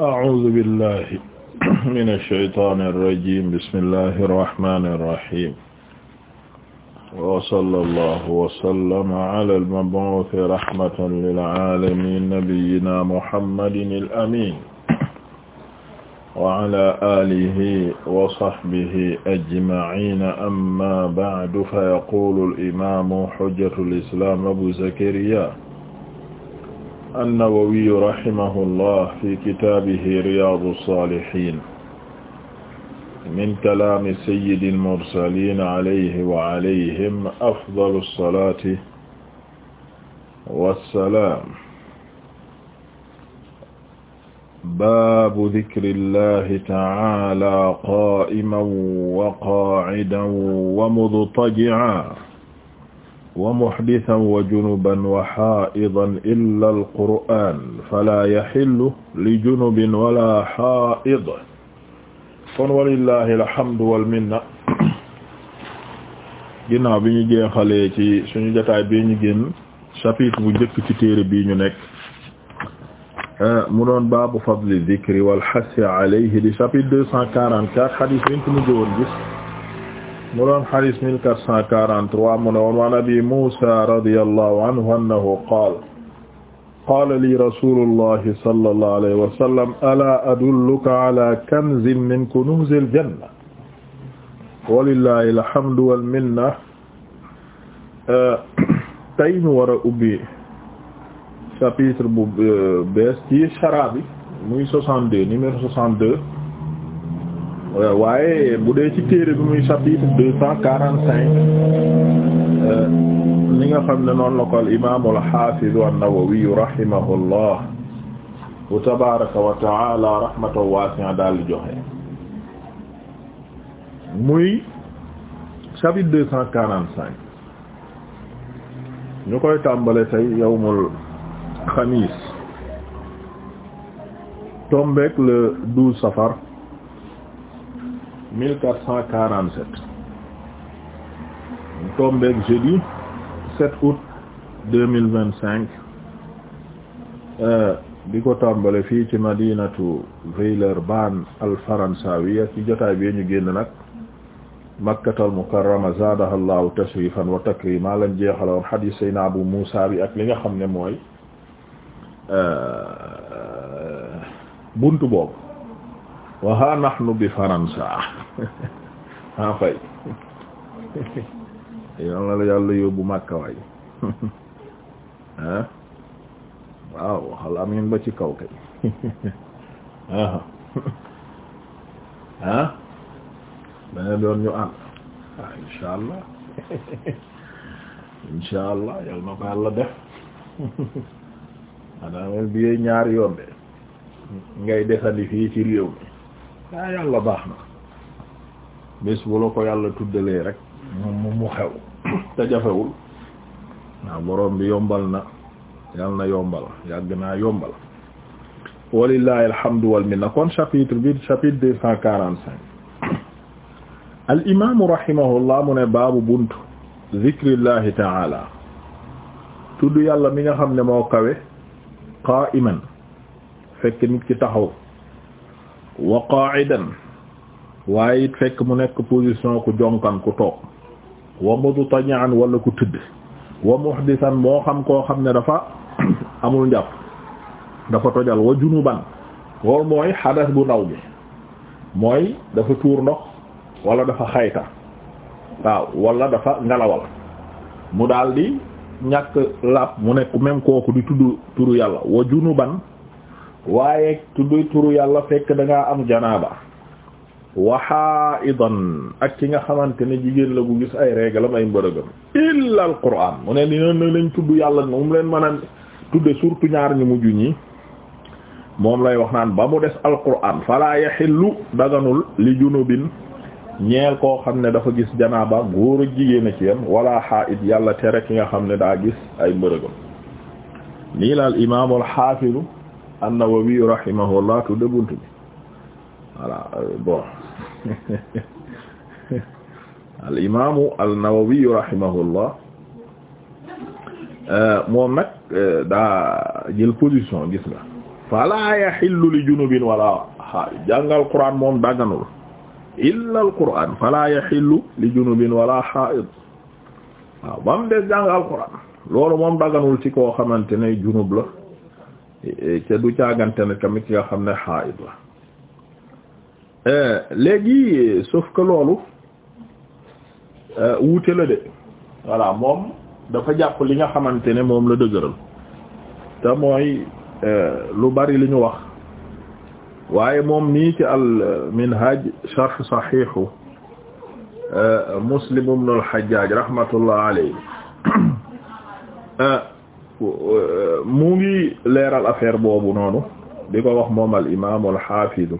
أعوذ بالله من الشيطان الرجيم بسم الله الرحمن الرحيم وصلى الله وسلم على المبعوث رحمة للعالمين نبينا محمد الأمين وعلى آله وصحبه أجمعين أما بعد فيقول الإمام حجة الإسلام أبو زكريا an-Nawawi rahimahullah fi kitaabihi Riyaadu s-Saalihiin min kalaami sayyidil mursaliin alayhi wa alayhim afdalu s-salaati wa s-salaam baabu dikrillaahi ta'aalaa qaa'iman wa qaa'idan wa mudtaji'an wa muhdisan wa junuban wa xaa'idan illa alqur'aan falaa yaxillu li junubin wala xaa'id kon walillahi alhamdu walminna ginnaaw bi ñu jeexalee ci suñu jotaay bi ñu génn chapitre bu njëkk ci téere bii ñu nekk mu doon baabu fadli dhikri wal hassi alayhi di chapitre deux cent quarante-quatre hadith bi ñu mujj woon gis mu doon xadis 1443 mu ne woon waan abi Muusa radiyallahu anhu annahu qaala qaala lii rasuulullahi sallallahu alayhi wa sallam alaa adulluka alaa kanzin min kunuuzil janna walillaahil hamdu wal minna tey ñu war a ubbi chapitre bu euh, bees ci Shara bi muy 62 numéro 62. Euh, waaye bu dee ci téere bi muy chapitre deux euh, nga xam ne noonu la ko al imaamu al xaafidu an-Nawawi rahimahullah wa tabaaraka wa ta'ala rahmatan waasi'a daal di joxe muy chapitre deux cent quarante cinq ñu koy tàmbale tey yawmul xamiis tombeek le safar mille quatre cent quarante sept tombeeg jeudi vingt cinq euh, di ko tàmbale fii ci madinatu Villeurbanne al-faransawiya ci jotaay bi ñu génn nag makkatal mukarrama zaadaha allahu tashrifan wa takrima lañ jeexaloon hadith sayna abu musa bi ak li nga xam ne mooy euh, bunt boobu wa ha bi faransa ha fay yal na la yàlla yóbbu Makka waay ah waaw waxal amiin ba ci kaw kay ah ah dana doon ñu ànd waaw insha allah insha allah yal na ko yàlla def yoon de ngay desandi fii ci réew daa yàlla baax na bés bu la ko yàlla tuddalee rek moom mu xew te jafewul waaw borom bi yombal na yàlla na yombal yàgg naa yombal walillahi alhamdu wal minna kon chapitre bi chapitre deux cent quarante cinq al imaamu rahimahullah mu ne baabu buntu zikrillahi taala tudd yàlla mi nga xam ne moo kawe qaa'iman fekk nit ki taxaw wa qa'idan waaye it fekk mu nekk position ku jonkan ku toog wa mudtani'an wala ku tëdd wa muhdisan moo xam koo xam ne dafa amul njàpp dafa tojal wa junuban loolu mooy xadas bu ndaw bi mooy dafa tuur ndox walla dafa xayta waaw wala dafa ngalawal mu daldi ñàkk laab mu nekk même kooku di tudd turu yàlla wa junuban waaye tudd turu yàlla fekk dangaa am janaaba waxaa idan ak ki nga xamante ne jigéen la gu gis ay réglam ay mbërëgam illa al qur'an mu ne dina na lañ tudd yàlla moom leen mana a tudde surtout ñaar ñu mujj ñi moom lay wax naan ba mu des al qur'an fala yaxillu daganul li junubin ñeel koo xam ne dafa gis janaaba góor ak jigéen a ci yam wala it yàlla tere ki nga xam ne daa gis ay mbërëgam nii la al imaamul xaafidu an-Nawawi rahimahullah tudde bunt bi voilà euh, bon al imaamu an-Nawawi rahimahullah euh, moom nag euh, daa jël position gis nga fala yaxillu li junubin wala xaa'id jàngal Qur'an moom dagganul illa al-Qur'an fala yaxillu li junubin wala xaa'id waaw ba mu des jàngal Qur'an loolu moom dagganul ci koo xamante ne junub la Eh, te du caagante ne tamit ki nga xam ne xaayit la eh, léegi sauf que loolu eh, wuute la de voilà moom dafa jàpp li nga xamante ne moom la dëgëral te mooy lu bari li ñu wax waaye moom nii ci al minhaj sharh sahihu muslim ibn al hajjaj rahmatullah alayhi Euh, mu ngi leeral affaire boobu noonu di ko wax moom al imaam al xaafidu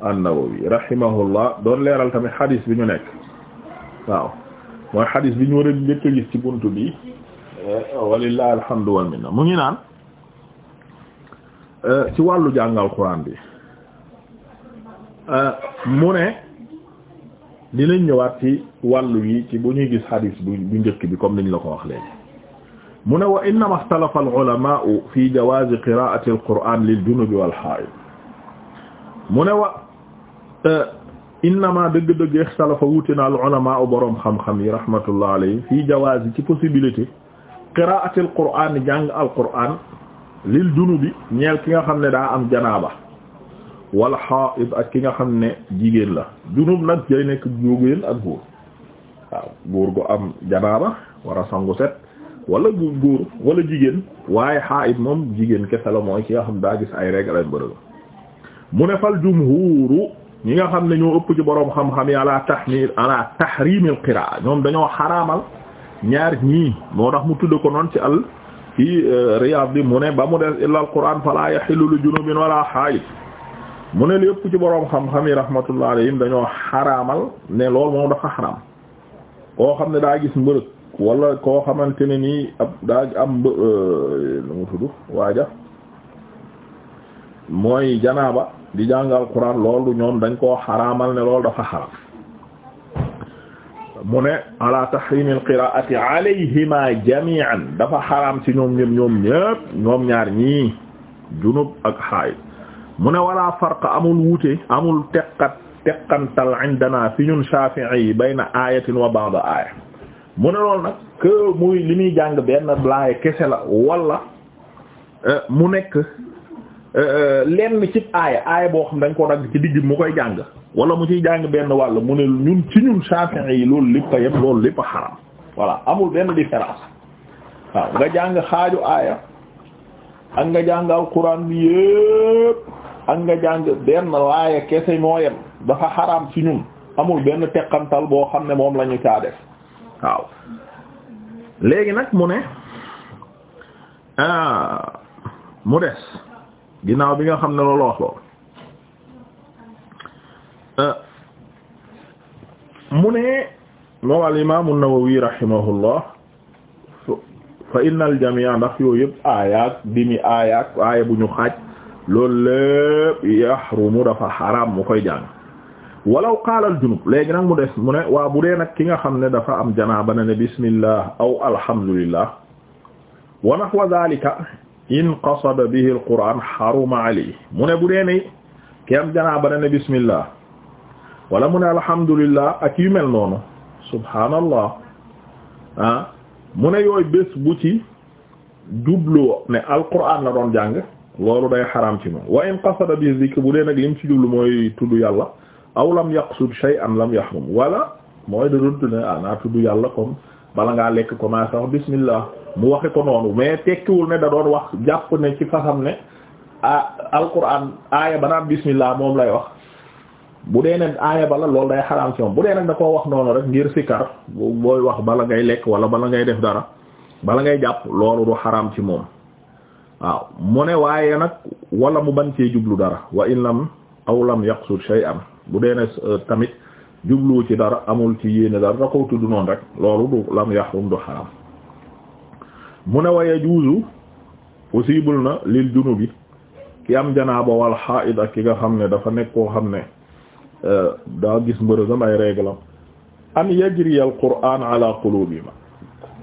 an-Nawawi rahimahullah doon leeral tamit xadis bi ñu nekk waaw mooy xadis bi ñu war a njëkk a gis ci bunt bi euh, walillahi alhamdu wal minna mu ngi naan euh, ci wàllu jàngal Qur'an bi mu ne dinañ ñëwaat ci wàllu yi ci bu ñuy gis xadis bu njëkk bi comme niñ la ko wax léegi mu ne wa innama ixtalafa al-ulamaa'u fi jawaazi qiraa'ati al-qur'aan lil-junubi wal-haa'id mu ne wa euh, innama dëgg-dëgg ixtalafa wuute na al-ulamaa'u boroom xam-xam yi rahmatullah alayhi fi jawaazi ci possibilité qiraa'ati al-qur'aan jàng al-qur'aan lil-junubi ñeel ki nga xam ne daa am janaaba wal ki nga xam ne jigéen la junub nag day nekk jigéen ak góor waaw am janaaba war a set wala bu góor wala jigéen waaye it moom jigéen kese la mooy ki nga xam daa gis ay règle bërëb mu ne fal jumhuuru ñi nga xam ne ñoo ëpp ci boroom xam-xam yi ala tahmir ala tahrimil qiraa ñoom dañoo xaraamal ñaar ñii moo tax mu tudd ko noon ci al ci euh, Riyaad bi mu ne ba mu des illa al qur'an fala yahillu li junubin wala haayit mu ne li ëpp ci boroom xam-xam yi rahmatullah alayhim dañoo xaraamal ne loolu moom dafa xaraam koo xam ne daa gis mbërëg wala koo xamante ni nii ab daa am lu euh, mu waaja mooy janaaba di jàngal quran loolu ñoom dañ koo xaraamal ne loolu dafa xaraam mu ne ala tahrimil qiraati alayhima jami'an dafa xaraam ci ñoom ñëpp ñoom ñoom ñaar mu ne wala farqa amul wuute amul teqat teqantal indana fi wa ba'da aya mu ne lool nag que muy li muy jàng benn laaya kese la walla euh, mu nekk euh, euh, lenn ci aaya aaya boo xam dañ ko dagg ci digg mu koy jàng wala mu ciy jàng benn wàll mu ne ñun ci ñun Shafi'i yi loolu lépp a yem loolu lépp a xaram voilà amul benn différence waaw nga jàng xaaju aaya ak nga jàng alquran bi yépp ak nga jàng benn laaya kese ñoo yem dafa xaram ci ñun amul benn teqantal boo xam ne moom lañu kaa def waaw léegi nag mu ne ah, mu des ginnaaw bi nga xam ne loolu wax lool ah, mu ne moom al imaam nawawi rahimahullah fa inna al ndax yooyu yëpp aayaak dimi aayaak aaya bu ñu xaaj loolu lépp yahrumu dafa xaraam mu koy jàng wala qaala al junub mu waa bu dee nag ki nga xam ne dafa am janaa na ne bismillah aw alhamdulillah wa nahwa zalika in qasada bihi bu dee ni ki bismillah wala mu ne alhamdulillah ak yu mel noonu subhaanallah ah mu ne yooyu bés bu la doon jàng loolu day xaraam ci moom in qasada bihi zikr bu dee nag lim ci jublu mooy tudd yàlla aw lam yaqsud shay'an lam yahrum wala mooy da doon tudd ah naa yàlla comme bala ngaa lekk commencé wax bismillah mu waxe ko noonu mais tekkiwul ne da doon wax jàpp ne ci xam ne ah alquran aaya ba naan bismillah moom lay wax. bu dee nag aaya bala lool day xaraam ci moom bu dee nag da koo wax noonu rek ngir sikar booy wax bala ngay lekk wala bala ngay def dara bala ngay jàpp loolu du xaraam ci moom waaw mu ne waaye nag wala mu ban cee jublu dara wa in lam aw lam yaqsud bu dee ne euh, tamit jubluwu ci dara amul ci yéene dara da ko tudd noonu rek loolu du lam yaxrum du xaram mu ne waye juuzu possible na lil junubi ki am janaaba wal xaid ak ki nga xam ne dafa nekk koo xam ne euh, daa gis mbërësam ay réglam an yajri al qur'an ala qulubihim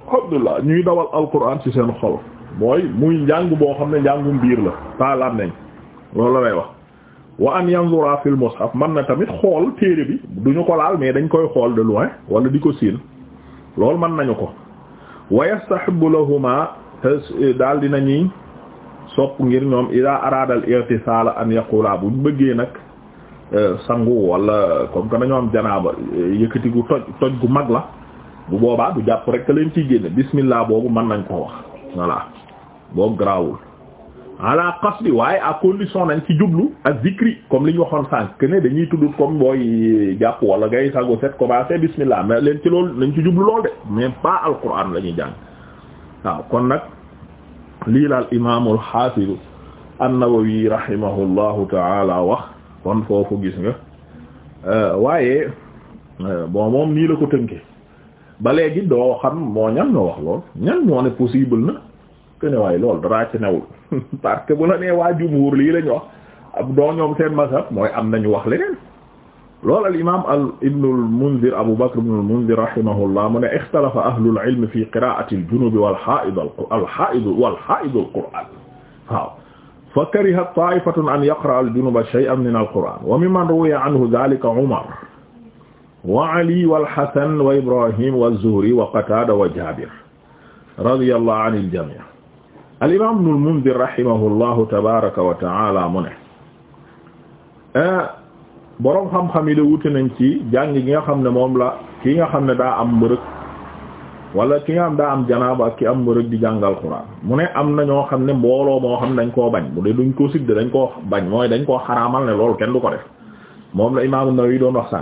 alhamdulillah ñuy dawal al qur'an ci seen xol mooy muy njàng boo xam ne njàngum biir la paalaam nañ loolu lay wax wa an yanzura fil mushaf man na tamit xool téere bi duñu ko laal mais dañ koy xool de loin wala di ko siin loolu mën nañu ko wa yastahibu lahuma te daal nañuy sopp ngir ñoom ida arada al irtisala an bu ñu bëggee nag euh, sangu wala comme que dañoo am janaaba yëkkati gu toj toj gu mag la bu boobaa du jàpp rek leen ciy génne bismillah boobu mën nañ ko wax voilà boobu garaawul ala qasdi waaye à condition nañ ci jublu ak zikri comme li ñu waxoon sànq que dañuy tudd comme booy jàpp wala ngay sago set commencé bismillah mais leen ci loolu nañ ci jublu lool de mais pas alquran la lañuy jàng waaw kon nag lii laal imaamul xaafidu an-Nawawi rahimahullahu taala wax kon foofu gis nga euh, waaye euh, bon moom nii la ko tënke ba léegi doo xam moo ñan ñoo wax lool ñan ñoo possible na que ne waaye loolu daraa ci newul parce que bu la nee waa jumhur lii la ñu wax ab doo ñoom seen mazhab mooy am nañu wax leneen loolu al imam al ibnul munzir abu bakr ibnul munzir rahimahullah mu ne ixtalafa ahlul ilm fi qiraati al junub wal haid al haid wal haid al quran waaw fa kariha ta'ifatun an yaqra al junub shay'an min al quran wa mimman ruwiya anhu dhalika umar wa ali wal hasan wa ibrahim wa zuhri wa qatada wa jabir radiyallahu anil jami' al imaam Ibnul Munzir rahimahullahu tabaaraka wa ta'aala mu ne eh, boroom xam-xam yi de wuute nañ ci jàng gi nga xam ne moom la ki nga xam ne daa am mbërëg wala ki nga xam daa am janaaba ak ki am mbërëg di jàngal Alxuraan mu ne am na ñoo xam ne mbooloo moo xam ne dañ koo bañ bu dee duñ ko sidde dañ koo bañ mooy dañ koo xaraamal ne loolu kenn du ko def moom la imaam Nawawi doon wax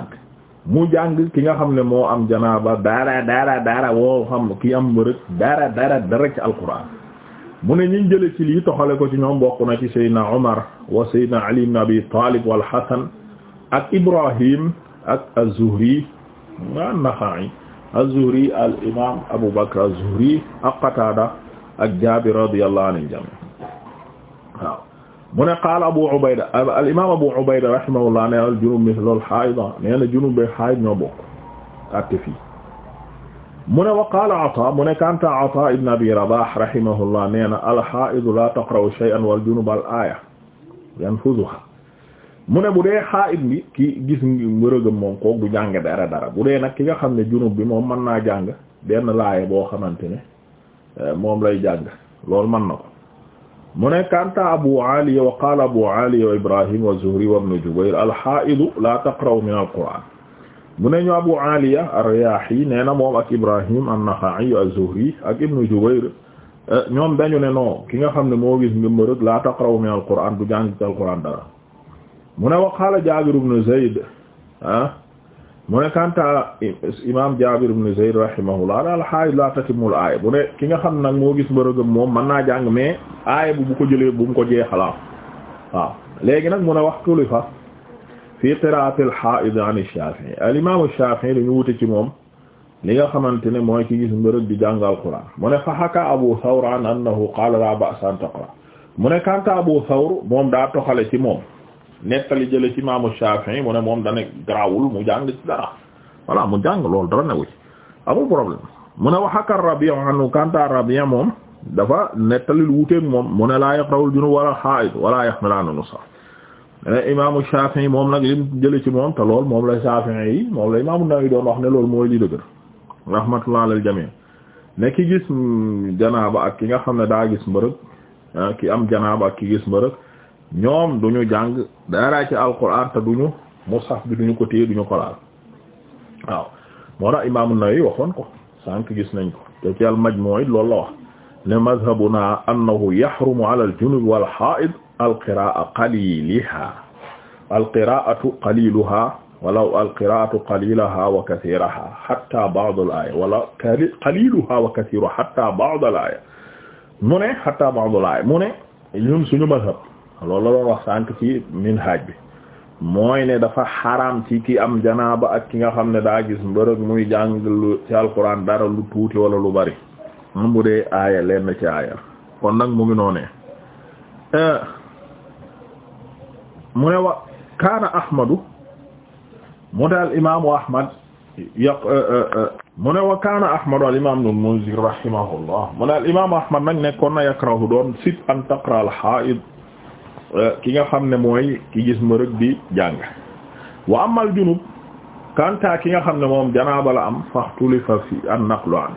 mu jàng ki nga xam ne moo am janaaba dara dara daara woo xam ki am mbërëg dara dara dara ci Alxuraan mu ne ñi jële ci lii toxale ko ci ñoom bokk na ci Seydina Omar wa Seydina Ali ibn Abi Talib wal Hasan ak Ibrahim ak Az-Zuhri wa Naxa'i Az-Zuhri al imam Abu Bakr Az-Zuhri ak Qatada ak Jaabir radiyallahu anhum jami'an waaw mu ne qaala Abu Ubayda al imam Abu Ubayda rahimahullah ne al junub mithlu al haida nee na junub ba haid ñoo bokk atte fii mu ne wa qaala Ataa mu ne kanta Ataa ibn Abi Rabaah rahimahullah nee na alxaidu la taqra'u shay'an wal junub al aaya yanfuzuha mu ne bu dee xaaid bi ki gis ngërëgëm moom koog du jàng dara dara bu dee nag ki nga xam ne junub bi moom mën naa jàng benn laaya boo xamante ne euh, moom lay jàng loolu mën na ko mu ne kanta Abu Ali wa qaala Abu Ali wa Ibrahim wa Zuhri wa ibn Jubayr alxaidu la taqra'u min al qur'aan mu ne ñu Abu Aliya ar-Riyahi neena na moom ak Ibrahim an-Nakha'i az-Zuhri ak Ibn Jubayr eh, ñoom dañu ne noo ki nga xam ne moo gis ngëmbërëg la taqra'u min al-Qur'an du jàng ci al-Qur'an dara mu ne wa qaala Jaabir ibn Zayd ah mu ne kanta imam Jaabir ibn Zayd rahimahullah daal xaaj la tatimul ki nga xam nag moo gis mbërëgam moom man naa jàng mais aaya bu bu ko jëlee bu ko jeexalaa ah, léegi nag mu ne waxtu li fa fi qiraati al-haa'id an ash-Shaafi'i al-imaam ash-Shaafi'i dañu wute ci moom li nga xamante ne mooy ki gis mbërëb di jàng al-Qur'aan mu ne fa haka Abu Thawr an annahu qaala laa ba'sa an taqra mu ne kanta Abu Thawr moom daa toxale ci moom nettali jële ci imaamu Shaafi'i mu ne moom dana garaawul mu jàng ci dara voilà mu jàng loolu dara newu ci amul problème mu ne wa haka Rabi' anhu kanta Rabi' moom dafa nettali lu wuteek moom mu ne laa yaqra'ul junub wala al-haa'id wala yahmilu an an-nusha Eh, imaamu Shafi'i moom nag lim jële ci moom te lool moom la Shafi'i yi moom la imaamu Nawawi doon wax ne loolu mooy li dëgër rahmatullah alal jamii ne ki gis janaaba ak ki nga xam ne daa gis mbërëg eh, ki am janaaba ak ki gis mbërëg ñoom duñu jàng dara ci alquran te duñu mushaf bi duñu ko téye duñu ko laal waaw moo tax imaamu Nawawi waxoon ko sànq gis nañ ko te ci al majmu' loolu la wax ne mazhabuna annahu yahrumu ala al junub wal haid alqiraa qaliiliha alqiraatu qaliluha walaw alqiraatu qalilaha wa kathiraha hatta ba'd al-aaya wala qaliluha wa kathiruha hatta ba'd al-aaya mu ne hatta ba'd al-aaya mu ne ñun suñu mazhab loolu la doon wax sànq ci minhaaj bi mooy ne dafa xaraam ci ki am janaaba ak ki nga xam ne daa gis mbërëg muy jàng lu ci alquran dara lu tuuti wala lu bari mu bu dee aaya leen na ci aaya kon nag mu ngi noonee euh, mu ne wa kaana ahmadu mu ne al imaamu ahmad euh, euh, euh, mu ne wa kaana ahmadu al imaam ibnul munzir rahimahullah mu ne al imaamu ahmad nag nekkoon na yakrahu doon sit an taqra al haa'id ki nga xam ne mooy ki gis mërëg bi jàng wa amal junub kanta ki nga xam ne moom janaaba la am faxtulifa fi an naqlu an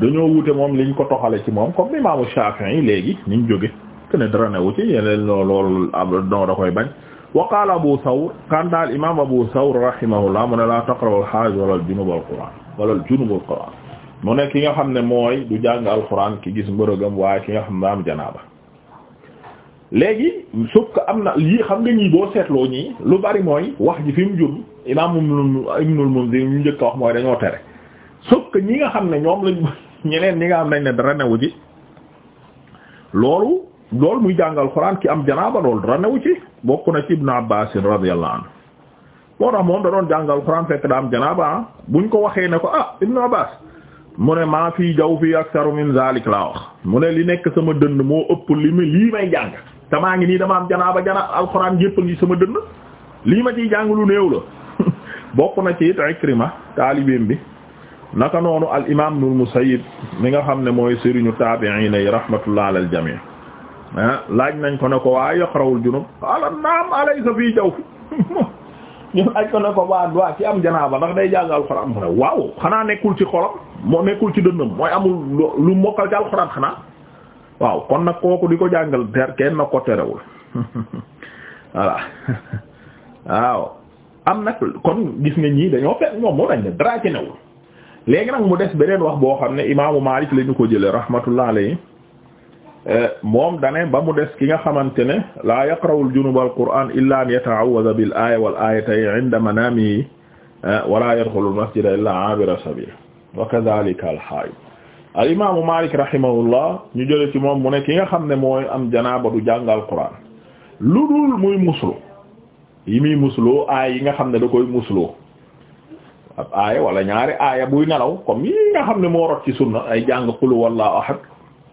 dañoo wute moom liñ ko toxale ci moom comme imaamu Shaafi'i léegi niñ jóge kene dara newu ci yeneen lool ab noo da koy bañ wa qaala Abu Thawr kanta al imaam Abu Thawr rahimahullah mu ne laa taqra'u al-haa'id wala al-junub al-qur'aan wala al-junub al-qur'aan mu ne ki nga xam ne mooy du jàng alxuraan ki gis mbërëgam waaye ki nga xam ne am janaaba léegi suuf am na lii xam nga ñii boo seetloo ñii lu bari mooy wax ji fi mu jur imaam Ibnul Munzir ñu njëkk a wax mooy dañoo tere suuf ñi nga xam ne ñoom lañ ñeneen ñi nga xam nañ ne dara newu ji loolu lool muy jàngal Qur'an ki am janaaba loolu dara newu ci bokk na ci Ibn Abbas radiyallahu anhu moo tax moom da doon jàngal Qur'an fekk daa am janaaba ah. buñ ko waxee ne ko ah Ibn Abbas mu ne maa fii jaw fii aktaru min zalik laa wax mu ne li nekk sama dënn moo ëpp li mi lii may jàng te maa ngi nii dama am janaaba janaaba alxuraan yépp ngi sama dënd lii ma ciy jàng lu néew la bokk na ci it Ikrima taalibeem bi naka noonu al imam Ibnul Musayyib mi nga xam ne mooy sëriñu taabi'iin yi rahmatullah alal jamii Ah, laaj nañ ko ne ko waa yaqrawul junub ala naam alaysa fii jaw fi ñu laaj ko ne ko waa waa ci am janaaba ndax day jàng alxuraan mu ne waaw xanaa nekkul ci xolam moo nekkul ci dënnam mooy amul lu mokkal ci alxuraan xanaa waaw kon nag kooku di ko jàngal ter kenn na ko terewul voilà waaw am nag kon gis nga ñii dañoo fekk ñoom moo dañ ne dara ci newul léegi nag mu des beneen wax boo xam ne imaamu Maalik lañu ko jële rahmatullah alayhi moom dane ba mu des ki nga xamante ne laa yaqrawul junuba al qur'an illa an yata'awwadha bil aaya wal aayatayn 'inda eh, wala yadxulul masjida illaa 'abira sabiil wa ñu jële ci moom mu ne ki nga xam ne mooy am janaaba du jàng al qur'an lu dul muy muslu yi muy musloo yi nga xam ne da koy musloo ab wala ñaari aaya buy nelaw comme yi nga xam ne moo rot ci sunna ay jàng qul huwallahu ahad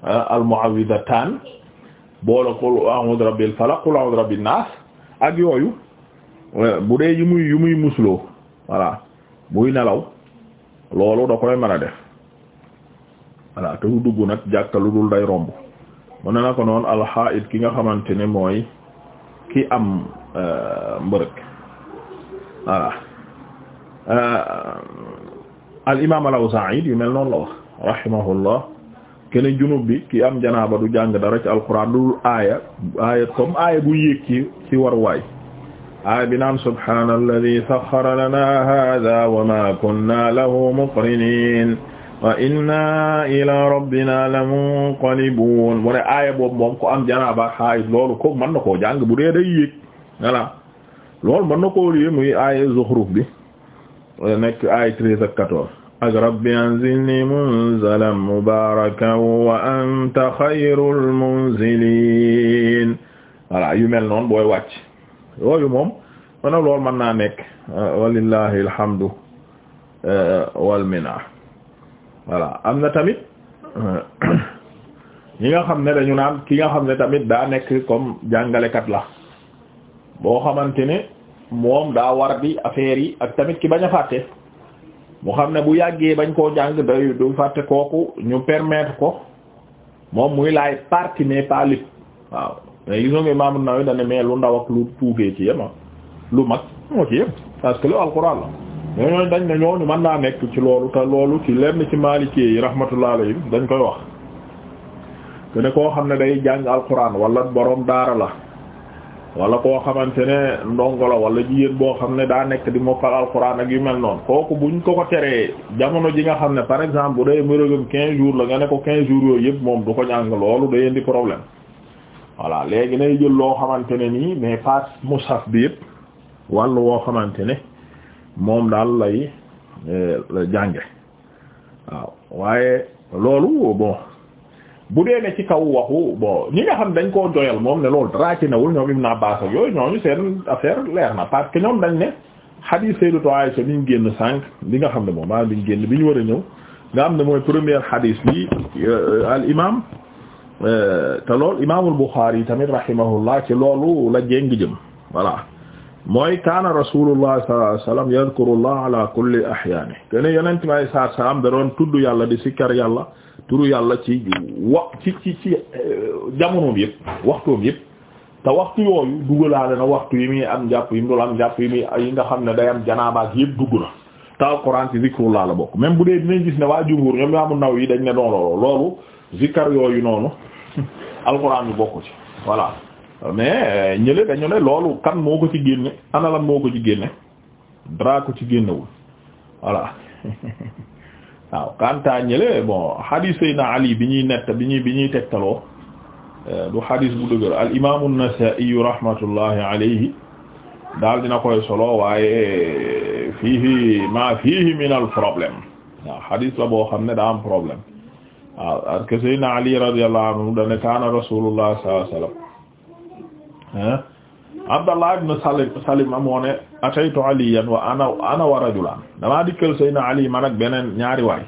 Ah, almuawwidatan boole qul a'udhu qul a'udhu rabbin ak yooyu eh, bu dee yu muy musloo voilà muy nelaw loolu da koy mën a def voilà te du dugg nag jàkka lu dul day romb mu ne na ko noonu alxaid ki nga xamante ni mooy ki am eh, mbërëg voilà eh, al imam al-Awzaa'i yu mel noonu la wax rahimahullah kene junub bi ki am janaaba du jàng dara ci alquran du aaya aaya bu yéeg ci war waay aaya bi naan subhaana alladi lana hada wa ma kunna lahu muqrinin wa ila rabbina lamunqalibun mu ne aaya ko am janaaba xaayit loolu ko mën na koo jàng bu dee day yéeg voilà loolu mën na koo lii muy aaya bi nekk aaya ak rabbi anzilni munzalan mubarakan wa anta xayrul munzilin voilà yu mel noonu booy wàcc yooyu moom mana loolu mën naa nekk euh, walillahi alhamdu euh, walmina voilà am na tamit euh, ñi nga xam ne dañu naan ki nga xam ne tamit daa nekk comme jàngalekat la boo xamante ne moom daa war di affaire yi ak tamit ki bañ a fàtte mu xam ne bu yàggee bañ koo jàng day du fàtte kooku ñu permettre ko moom muy laay partie mais pas lépp waaw mais gis nga Imaam An-Nawawi mais lu ndaw ak lu tuufee ci yema ah, lu mag moo ci yem parce que lu alxuraan la ñooñu dañ ne ñooñu mën naa nekk ci loolu te loolu ci lenn ci Maliki yi rahmatullah dañ koy wax te ne koo xam ne day jàng alxuraan wala borom daara la wala koo xamante ne ndongo la wala jigéen boo xam ne daa nekk di mokkal alxuraan ak yu mel noonu kooku bu ñu ko ko teree jamono ji nga xam ne par exemple bu dee mérogam quinze jours la nga ne ko quinze jours yooyu yëpp moom du ko jàng loolu day indi problème voilà léegi nay jël loo xamante ne nii mais pas mushaf bi yëpp wàll woo xamante ne moom daal lay eh, jànge waaw waaye loolu bon bu dee ne ci kaw waxu bon ñi nga xam dañ koo doyal moom ne loolu dara ci newul ñoom Ibn Abbas ak yooyu ñooñu seen affaire leer na parce que ñoom dañ ne hadith Sayyidatu to bi ñu génn sànq bi nga xam ne moom maanaam bi ñu génn bi ñu war ñëw nga xam ne mooy première hadith bi euh, al imam euh, te lool imaamul Bukhari tamit rahimahullah ci loolu la jéng jëm voilà mooy kaana rasulullah sallallahu alayhi wasallam yadhkurullah ala kulli ahyaani kene yonent may saar salaam da doon tudd yàlla di sikkar yàlla turu yàlla ci wax ci ci ci euh, jamonoom yëpp waxtoom yëpp te waxtu yooyu dugalaale na waxtu yi muy am njàpp yi mu dul am njàpp yi muy yi nga xam ne day am janaabaak yëpp dugg na te alxuraan ci zikrullah la bokk même bu dee dinañ gis ne waa jumhur ñoom ñoo naw yi dañ ne doon loolu zikar yooyu noonu alxuraan yu bokk ci voilà mais euh, ñële dañu ne loolu kan moo ko ci génne ana moo ko ci génne dara ko ci génnewul voilà waaw kanta ñële bon hadis sayna ali bi ñuy nett bi ñuy bi ñuy tegtaloo eh, du hadis bu dëgër al imaamu an-Nasaa'i rahmatullahi alayhi daal dina koy solo waaye eh, fiihi ma fiihi min al problème waaw hadis la boo xam ne daa am problème waaw parce que sayna ali radiyallahu anhu dane kaana rasulullah sallallahu alayhi wasallam Abdallah ibn Salim Salima moo ne ataytu Aliyan wa ana ana wa rajulan damaa dikkal Seydina Ali man ak beneen ñaari waay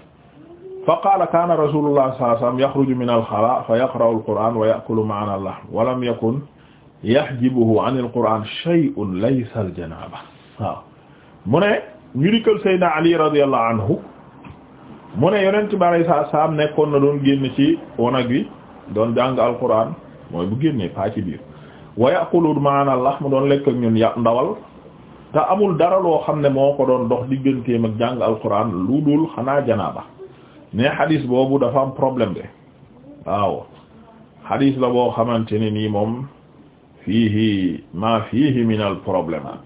fa qaala kaana rasulullah sallallahu alayhi wasallam yaxruju min alxala fa yaqra'u alquran wa ya'kulu ma'ana al-lahm wa lam yakun yahjibuhu an alquran shay'un laysa aljanaba waaw mu ne ñu dikkal Seydina Ali radiyallahu anhu mu ne yonent bi alayhi salaam nekkoon na doon génn ci wanag wi doon jàng alquran mooy bu génnee paa ci biir wa yaqulu maana lax mu doon lekk ñun ya ndawal te amul dara loo xam ne moo ko doon dox digganteem ak jàng alquran lu dul xanaa janaaba mais xadis boobu dafa am problème de waaw xadis la boo xamante ne nii moom fii maa fii min al problème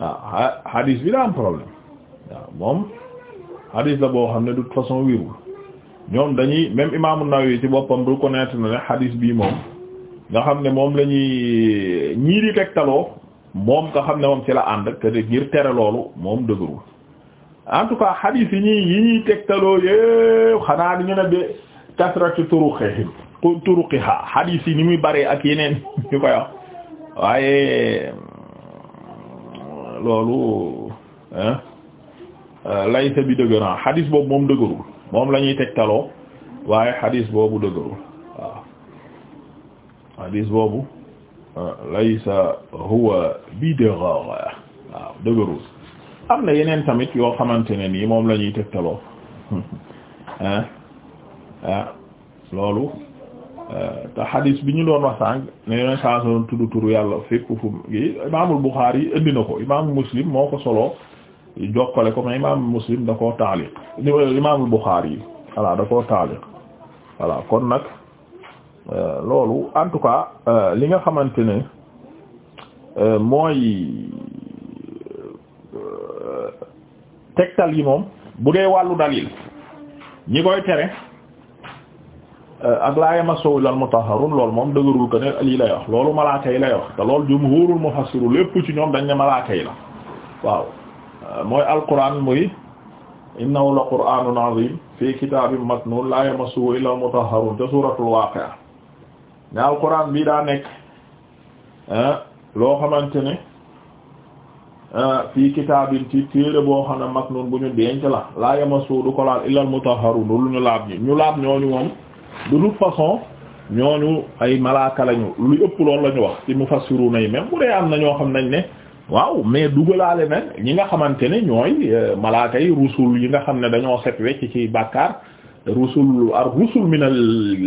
waaw xadis bi daa am problème waaw moom xadis la boo xam ne de toute façon wérul ñoom dañuy même imaamu Nawawi ci boppam reconnaître na ne xadis bii moom nga xam ne moom lañuy ñuy ñii di tegtaloo moom nga xam ne moom ci la ànd que ngir tere loolu moom dëgërul en tout cas xadiis yi ñuy yi ñuy tegtaloo yëpp xanaa ñu ne be kasratu turuqihim turuqiha xadiis yi ni muy bare ak yeneen ñu koy wax waaye loolu laysa bi dëgëran xadiis boobu moom dëgërul moom la ñuy tegtaloo waaye xadiis boobu dëgërul hadis boobu ah, laysa huwa biderar waaw dëgërul am na yeneen tamit yoo xamante ne nii moom lañuy ñuy tegtaloo ah, ah loolu ah, te hadis bi ñu doon wax sànq ne yeneen saa turu yàlla fépp fu gi imaamul Buxaari indi na ko imaamul Muslim moo ko soloo jokkale ko mais imaamul Muslim da koo taaliq imaamul Buxaari yi da koo taaliq voilà kon nag Euh, loolu en tout cas euh, li nga xamante ne euh, mooy tegtal yi moom bu dee wàllu dalil ñi koy tere ak laa yamassahu illal mutahharun lool moom dëgërul ko ne lii lay wax loolu malaaka yi lay te loolu jumhuurul mufassiru lépp ci ñoom dañ ne malaaka yi la waaw mooy alquran muy innahu la qur'anun azim fi kitaabin maknuun laa yamassahu illal mutahharun te suuratul waaqi'a ne alquran bii daa nekk ah, loo xamante ne ah, fii kitaabin ci téere boo xam ne maknun bu ñu denc la laa yamassu du ko laal illal mutahharun lu ñu laab ñi ñu laab ñooñu moom de toute façon ñooñu ay malaaka lañu lu ëpp loolu la ñu wax ci mufassiruna yi même bu dee am na ñoo xam nañ ne waaw mais dugalaale na ñi nga xamante ni ñooy eh, malaaka yi rusul yi nga xam ne dañoo set wecc ci bàkkaar rusul ar rusul min al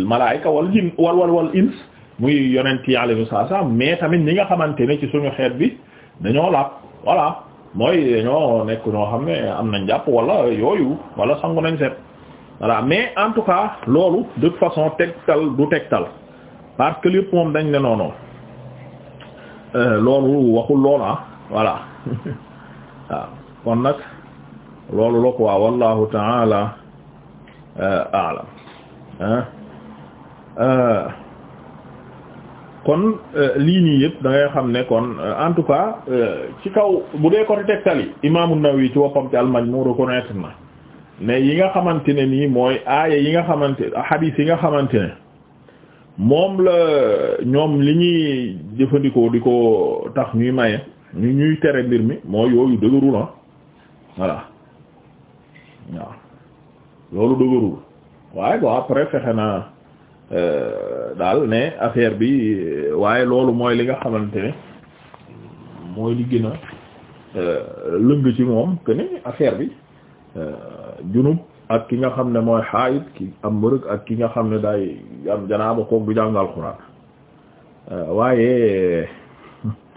malaayika wal jin wal wal wal ins muy yonent yi saa saa mais tamit ñi nga xamante ne ci suñu xeet bi dañoo laab voilà mooy dañoo nekk ñoo xam ne am nañ jàpp wala yooyu wala sangu nañ set voilà mais en tout cas loolu de toute façon tegtal du tegtal parce que lépp moom dañ ne noonu euh, loolu waxul loolaa voilà waaw ah, kon nag loolu la quoi wallahu taala Euh, aalam euh, kon euh, lii nii yëpp da xam ne kon en tout cas ci kaw bu dee côté tegtal yi Imaam An-Nawawi ci woppam ci Al-Majmu' reconnaître na ne yi nga xamante ne nii mooy aaya yi nga xamante hadith yi nga xamante ne moom la ñoom li ñuy jëfandikoo di ko tax ñuy maye ñu ñuy tere mbir mi mooy yooyu dëgëru na ah. voilà waaw loolu dëgërul waaye bon après fexe na euh, daal ne affaire bi euh, waaye loolu mooy li nga xamante ne mooy li gën a euh, lëng ci moom que ni affaire bi junub ak ki nga xam ne mooy xaayit ki am mbërëg ak ki nga xam ne day am janaaba koog du jàngal xuraan waaye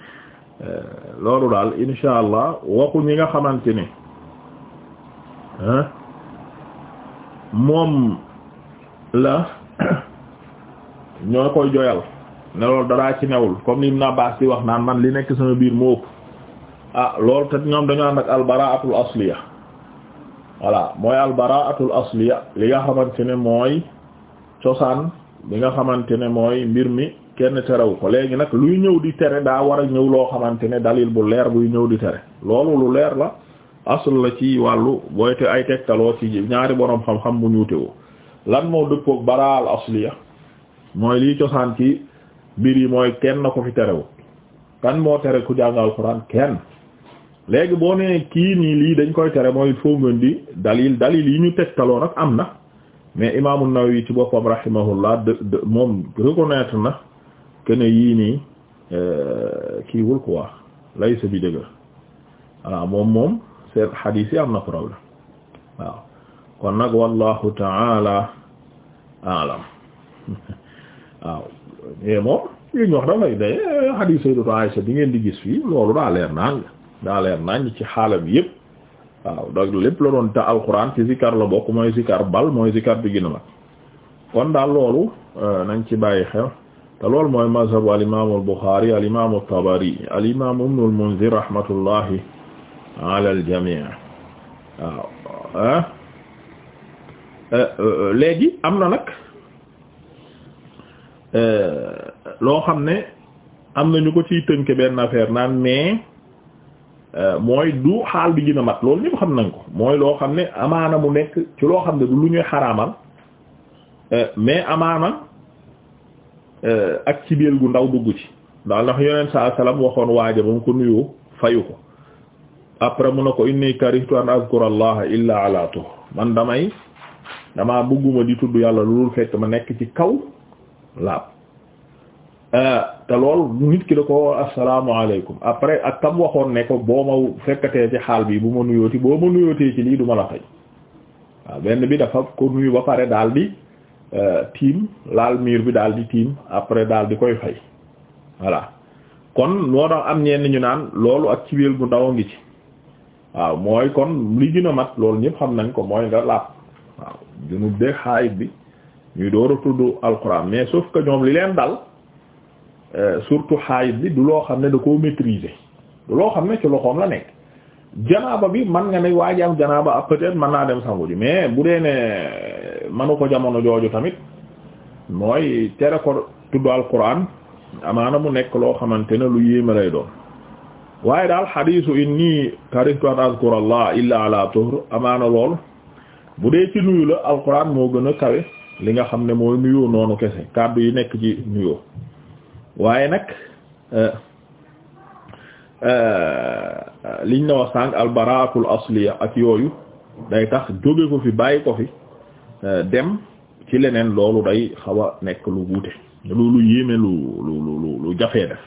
loolu daal insha allah waxu nga xamante ni hein moom la ñoo koy joyal ne loolu ci newul comme ni Ibn Abbas di wax naan man li nekk sama biir moo ëpp ah loolu te ñoom dañoo ànd ak albaraatul asliya voilà mooy albaraatul asliya li nga xamante ne mooy cosaan bi nga xamante ne mooy mbir mi kenn terewu ko léegi nag luy ñëw di tere daa war a ñëw loo xamante ne dalil bu leer buy ñëw di tere loolu lu leer la aslu la ci wàllu booy te ay tegtaloo ci ñaari borom xam-xam bu ñu wutewoo lan moo dëppook baraa al asliya mooy lii cosaan ci mbir yi mooy kenn na ko fi terewu kan moo tere ku jàng alxuraan kenn léegi boo nee kii nii lii dañ koy tere mooy foo ngeen di dalil dalil yi ñu tegtaloo nag am na mais imaamu Nawawi ci boppam rahimahullah de de moom reconnaître na que ne yii nii euh, kiiwul quoi lay sa bi dëgg voilà moom moom. seen xadiis yi am na problème kon nag wallahu taala alam waaw mais moom li ñu wax dafay day xadiis Sayyidatu Aisha bi ngeen di gis fii loolu daa leer naan daa leer naan ci xaala bi yëpp waaw donc lépp la doon te alxuraan ci zikar la bokk mooy zikar bal mooy zikar bi gën mag kon daal loolu euh, nañ ci bàyyi xel te loolu mooy mazhabu al imaamu al Buxaari al imaamu Tabari rahmatullahi ala al jami' waaw ah? eh, eh, léegi am na nag eh, loo xam ne am na ñu ko ciy tënke benn affaire naan mais mooy du xaal bi gën a mat loolu ñëpp xam nañ ko mooy loo xam ne amaana mu nekk ci loo xam ne du lu ñuy xaraamal mais amaana ak ci biir gu ndaw dugg ci ndax ndax yoneen saa salaam waxoon waaja ba mu ko nuyoo fayu ko après mu ne ko inni karihtu an azkura allaha illa ala man damay damaa bëgguma di tudd yàlla loolu fekk ma nekk ci kaw laab euh, te loolu nit ki da ko asalaamaaleykum après ak tam waxoon ne ko boo ma fekkatee ci xaal bi bu ma nuyooti boo ma nuyootee ci lii du ma la fay waaw benn bi dafa ko nuyu ba pare daal di euh, tiim laal miir bi daal di tiim après daal di koy fay voilà kon moo tax am ñenn ñu naan loolu ak ci wéel bu ndaw a ngi ci waaw mooy kon li gën a mat loolu ñëpp xam nañ ko mooy nga laab waaw junub beeg xaayit bi ñuy door a tudd alquran mais sauf que ñoom li leen dal euh, surtout xaayit bi du loo xam ne da koo maîtriser du loo xam ne ci loxoom la nekk janaaba bi man nga ne waaji am janaaba ah, peut-être mën naa dem sangu ji mais bu dee ne euh, manu ko jamono jooju tamit mooy tere ko tudd alquran amaana mu nekk loo xamante ne lu yéeme lay doon waaye daal xadiisu inni karihtu an azkura allah illa ala amaana lool bu dee ci nuyu la alquran moo gën a kawe li nga xam ne mooy nuyoo noonu kese kàddu yi nekk ci nuyoo waaye nag euh, euh, liñ na wax sànq albaraatul asliya ak yooyu day tax jóge ko fi bàyyi ko fi euh, dem ci leneen loolu day xaw a nekk lu wuute lu lu yéeme lu lu lu lu jafee def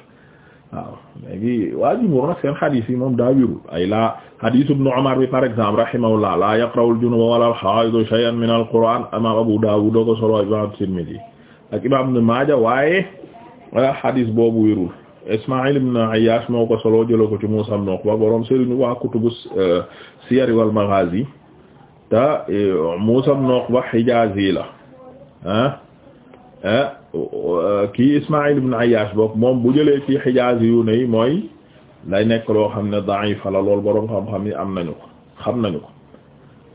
waaw léegi waa jumhur seen xadiis yi moom daa ay la xadiis ibnu Umar bi par exemple rahimahullah la yaqra'ul junuba wala al-haa'idu min al-qur'aan Abu Daawud doo ko solo imaam Maaja waaye xadiis boobu wérul Ismaa'il ibn Ayyaash moo ko solo jëloo ko ci Muusaa ibn Uqba boroom sëriñu waa kutubu uh, siyar wal maghaazi te uh, Muusaa ibn Uqba Hijaazi la ah, ah. kii Ismaïl ibn Ayyash bopp moom bu jëlee ci Hijaaz yu ne mooy day nekk loo xam ne da'if la lool boroom xam-xam yi am nañu ko xam nañu ko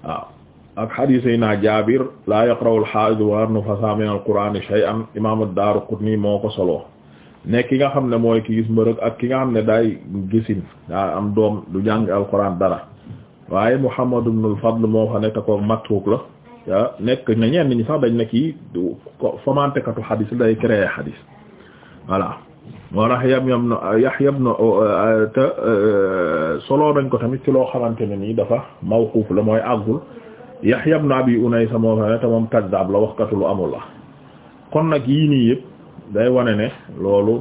waaw ak hadiis yi naa Jaabir laa yaqra'u al-haa'idu wala an-nufasaa'a min al-qur'aani shay'an imaam ad-Daaraqutni moo ko solo nekk ki nga xam ne mooy ki gis mbërëg ak ki nga xam ne day gisin daa am doom du jàng alquran dara waaye Muhammad ibn al-Fadl moo fa nekk ko matruk la ah nekk na ñenn ñi sax dañ ne kii fomantekatu xadis day créer xadis voilà moo tax yam yam na Yahya ibn uh, te uh, nañ ko tamit ci loo xamante ne nii dafa mawquuf la mooy àggul Yahya ibn Abi Unaysa sa moo ne te moom kaddaab wax waxkatu lu amul la kon nag yii nii yëpp day wane ne loolu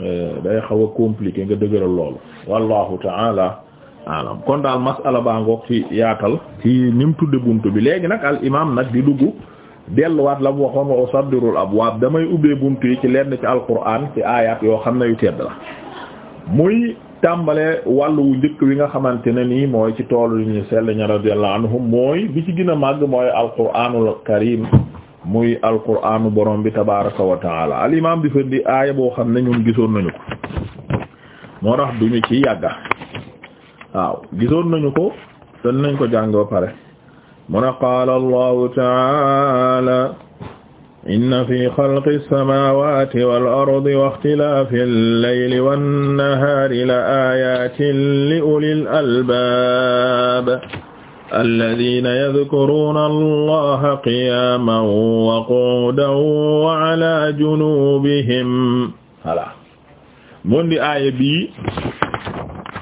uh, day xaw a compliqué nga dëgëral loolu wallahu ta'ala alam kon daal masala baa ngoog ci yaatal ci ni mu tudde buntu bi léegi nag al nag di dugg delluwaat la mu waxoon wa usaddirul abwaab damay ubbee bunt yi ci lenn ci alquran ci aayaat yoo xam ne yu tedd la muy tàmbale wàllu wu njëkk wi nga xamante ne nii mooy ci toolu ñu sell ña radiyallahu anhum mooy bi ci gën a màgg mooy alquranul karim muy alquranu borom bi tabaraka wa taala al imam di fandi aaya boo xam ne ñun gisoon nañu ko moo tax duñu ci yàgga waaw gisoon nañu ko te nañ ko jàng ba pare mu ne qaala allahu taala inna fi xalqi samawati wal ardi wa ixtilaafi allayli wannahaari la aayaatin li ulil albaab alladina yadkuruna allaha qiyaman wa qu'udan wa ala junubihim voilà moon di aaya bi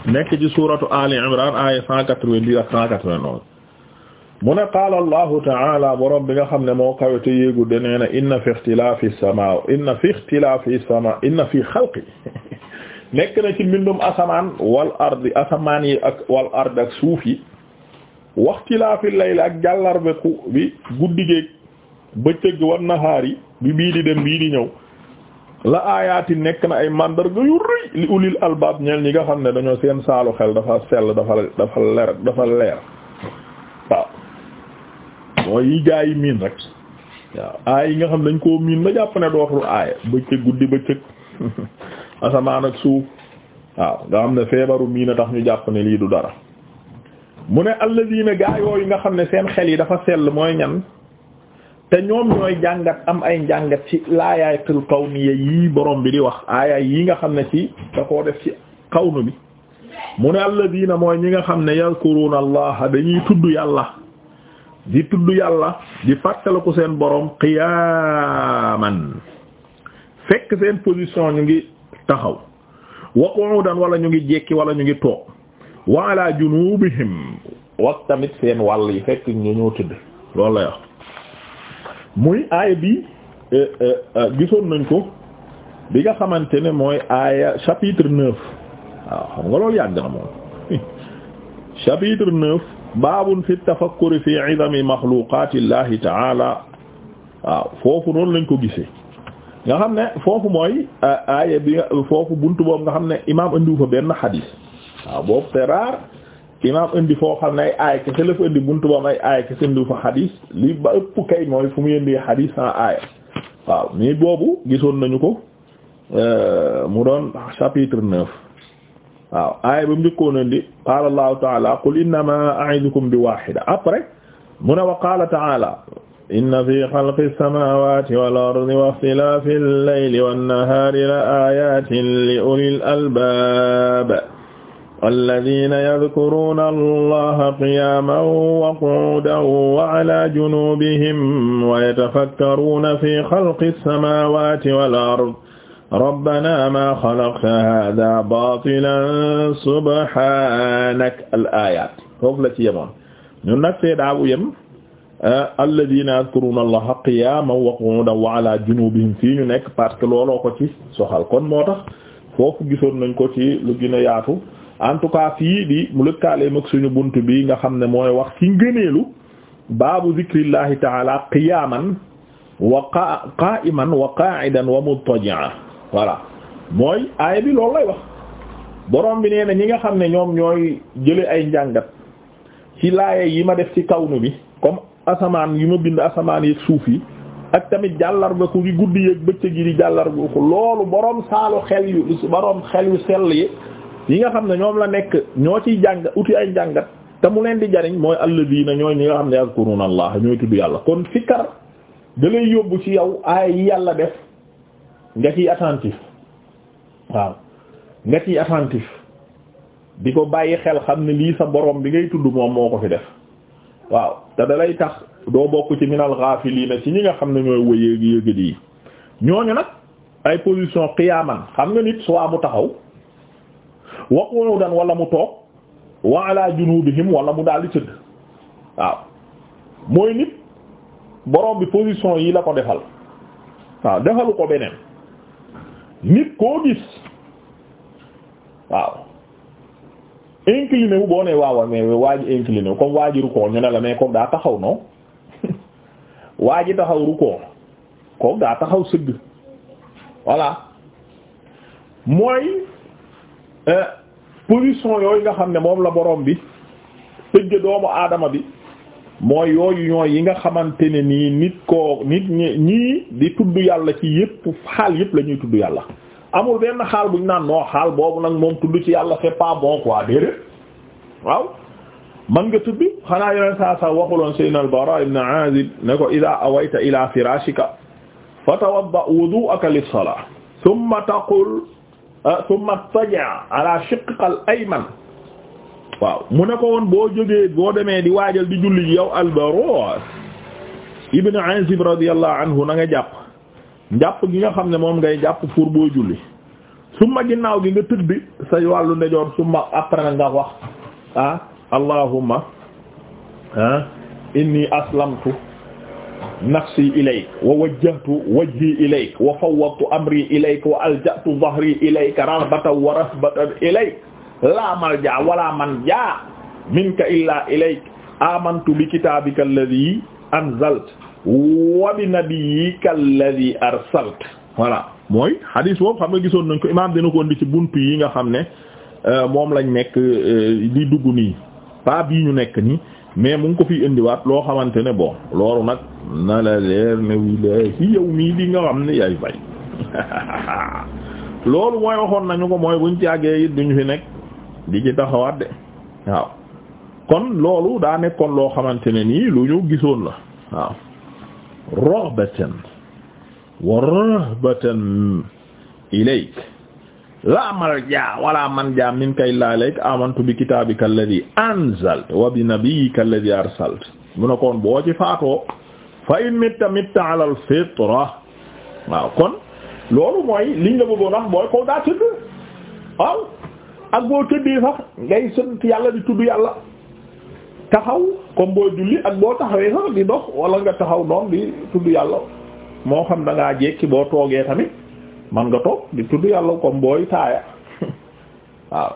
nekk ci suuratu Ali Imran aaya 192 ak 191 mu ne qaala allahu taala bi nga xam ne moo kawete yéegu de nee inna fi ixtilaafi samaa inna fi ixtilaafi samaa inna fi xalqi nekk na ci mbindum asamaan wal ardi asamaan yi ak wal ardi ak suuf bi guddi géeg bëccëg wan bi bii di dem di ñëw la aayaati nekk na ay mandarga yu rëy li ulil albaab ñeel ñi nga xam ne dañoo seen saalu xel dafa sell dafa dafa leer dafa leer waaw mooy yi gaa yi miin rek waaw aay yi nga xam dañ koo miin ba jàpp ne dootul aaya bëccëg guddi bëccëg asamaan ak suuf waaw nga xam ne feebaru miin a tax ñu jàpp ne lii du dara mu ne alladina gaa yooyu nga xam ne seen xel yi dafa sell mooy ñan te ñoom ñooy jàngat am ay njàngat ci laayaay xil kaw ni yii borom bi di wax aayaay yi nga xam ne ci da koo def ci kawnu bi mu ne alladina mooy ñi nga xam ne yazkuruna allah dañuy tudd yàlla di tudd yàlla di fàttaliku seen borom qiyaaman fekk seen position ñu ngi taxaw wa qu'udan wala ñu ngi jekki wala ñu ngi toog wa ala junubihim wax tamit seen wàll yi fekk ñu ñoo tudd loolu la wax muy aaya bi eh, eh, eh, gisoon nañ ko bi nga xamante ne mooy aaya chapitre neuf waaw xam nga loolu yàgg na moom chapitre neuf baabun fi tafakkuri fi idami maxluqatillahi taala waaw foofu noonu lañ ko gisee nga xam ne foofu mooy aaya bi foofu buntu boobu nga xam ne imaam andiwu fa benn xadiis waaw boobu c'est rare imaam indi foo xam ne ay aaya kese la fa indi buntu ba may aaya kese indi fa xadis li ba ëpp kay mooy fu mu indi xadis sans aaya waaw mais boobu gisoon nañu ko euh, mu doon chapitre neuf waaw aaya ba mu njëkkoon indi qaala allahu taala qul innama a'idukum bi wahida après mu ne wa qaala taala inna fi xalqi samawati wal ardi wa ixtilafi al-layli wan-nahari la ayatin li ulil albab alladina yadkuruna allaha qiyaman wa qu'udan wa ala junubihim wa yatafakkaruna fi xalqi alsamawati wal ard rabbana ma xalaqta hada batilan subhanak al ayat foofu la ci yemoon ñun nag fee daabu yem alladina yadkuruna allaha qiyaman wa qu'udan wa ala junubihim fii ñu nekk parce que looloo ko ci soxal kon moo tax foofu gisoon nañ ko ci lu gën a yaatu en tout cas fii di mu lëkkaalee mag suñu bunt bi nga xam ne mooy wax ci ngëneelu baabu zikrillahi taala qiyaman wa qa'iman wa qa'idan wa muttaji'a voilà mooy aaya bi loolu lay wax borom bi nee na ñi nga xam ne ñoom ñooy jële ay njàngat ci laaye yi ma def ci kawnu bi comme asamaan yi ma bind asamaan yi suuf yi ak tamit jàllarga ku gi guddi yeeg bëccëg yi di jàllarga ko loolu borom saalu xel yu borom xel yu sell yi yi nga xam ne ñoom la nekk ñoo ciy jàng uti ay njàngat te mu leen di jariñ mooy alladina ñooy ñi nga xam ne yazkuruna allah ñooy tudd yàlla kon fikkar da lay yóbbu ci yow aay yàlla def nga ciy attentif waaw nga ciy attentif di ko bàyyi xel xam ne lii sa borom bi ngay tudd moom moo ko fi def waaw te da tax doo bokk ci minal ghafilina ci ñi nga xam ne ñooy wëy yëg yëg yi ñooñu nag ay position qiyaaman xam nga nit soit mu taxaw wa qu'udan wala mu toog wa ala junubihim wala mu daal di tëdd waaw mooy nit borom bi position yi la ko defal waaw defalu ko beneen nit koo gis waaw incliné wu boo ne waawa mais waa ji incliné wu comme waa ji rukkoo ñu ne la mais comme daa taxaw non waa ji taxaw rukkoo comme daa taxaw sëgg voilà mooy Eh, position yooyu nga xam ne moom la boroom bi tëgg doomu aadama bi mooy yooyu ñooy yi nga xamante ne nii nit ko nit ñii di tudd yàlla ci yépp xaal yépp la ñuy tudd yàlla amul benn xaal bu ñu naan non xaal boobu nag moom tudd ci yàlla c'est pas bon quoi waaw man nga tudd xanaa yeneen saa saa waxuloon sayyidina al-Bara ibn Azib ne ko ida awayta ila firashika fatawadda wudu'aka lis-salah thumma taqul Ah, thumma tajaa ala shiqqal ayman waaw mu ne ko woon boo jógee boo demee di waajal di julli yow al-Barra ibn Azib radiyallahu anhu na nga jàpp njàpp gi nga xam ne moom ngay jàpp pour boo julli summa ginnaaw gi nga tëdd sa wàllu ndejoor summa après nga wax ah allahumma ah inni aslamtu nafsi ilayk wa wajjahtu wajhi ilayk wa fawwadtu amri ilayk wa alja'tu dhahri ilayk raghbatan wa rahbatan ilayk la malja wala manja minka illa ilayk amantu bi kitabika alladhi anzalt wa bi nabiyyika alladhi arsalt voilà mooy hadis boobu xam nga gisoon nañ ko imaam dina ko indi ci buntu yi nga xam ne euh, moom lañ nekk euh, di dugg nii pas bii ñu nekk nii mais mu ko fi indiwaat loo xamante ne bon loolu nag na la leer ne wii ci yow mii di nga xam ni yaay fay loolu mooy waxoon nañu ko mooy buñ ci àggee it duñu fi nekk di ci taxawaat de waaw kon loolu daa nekkoon loo xamante ne nii lu ñu gisoon la waaw raghbatan wa rahbatan ilayk laa malja wala manja minka illaa ilayk amantu bi kitaabika alladhi anzalt wa bi nabiyyika alladhi arsalt mu ne kon boo ci faatoo fa in mitta mitta ala al waaw kon loolu mooy liñ la bëggoon wax mooy kow daa tëdd waaw ak boo tëddee sax ngay sant yàlla di tudd yàlla taxaw comme boo julli ak boo taxawee sax di dox wala nga taxaw noonu di tudd yàlla moo xam da jekki boo toogee tamit man nga toog di tudd yàlla ko booy taaya waaw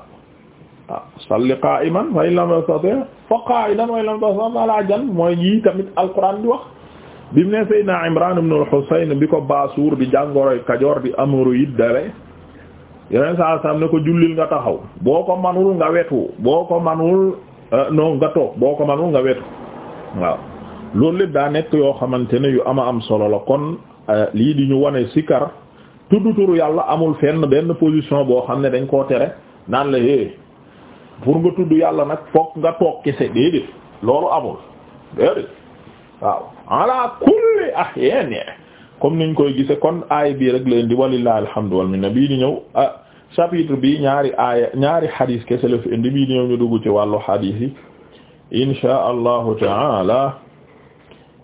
waaw salli qa'iman wa in lam tastati fa qa'idan wa in lam tastati jan mooy yii tamit alquran di wax bi mu ne Seydina Imran ibn al bi ko Baasuur di jàngoroy Kajoor di amoro it dale yeneen saa ne ko jullil nga taxaw boo ko manul nga wetu boo ko manul euh, non nga toog boo ko manul nga wetu waaw loolu lépp daa nekk yoo xamante ne yu ama am solo la kon euh, lii di ñu wane sikar tudd turu yàlla amul fenn benn position boo xam ne dañ koo tere naan la é eh, pour nga tudd yàlla nag fokk nga toog kese déedéet loolu amul déedéet waaw ala kulli ahyan comme niñ koy gise kon aay bii rek leen di walillahi alhamdu wal minna bii di ñëw a ah, chapitre bi ñaari aaya ñaari xadiis kese la fi indi di ñëw ñu dugg ci wàllu xadiis yi insha allahu taala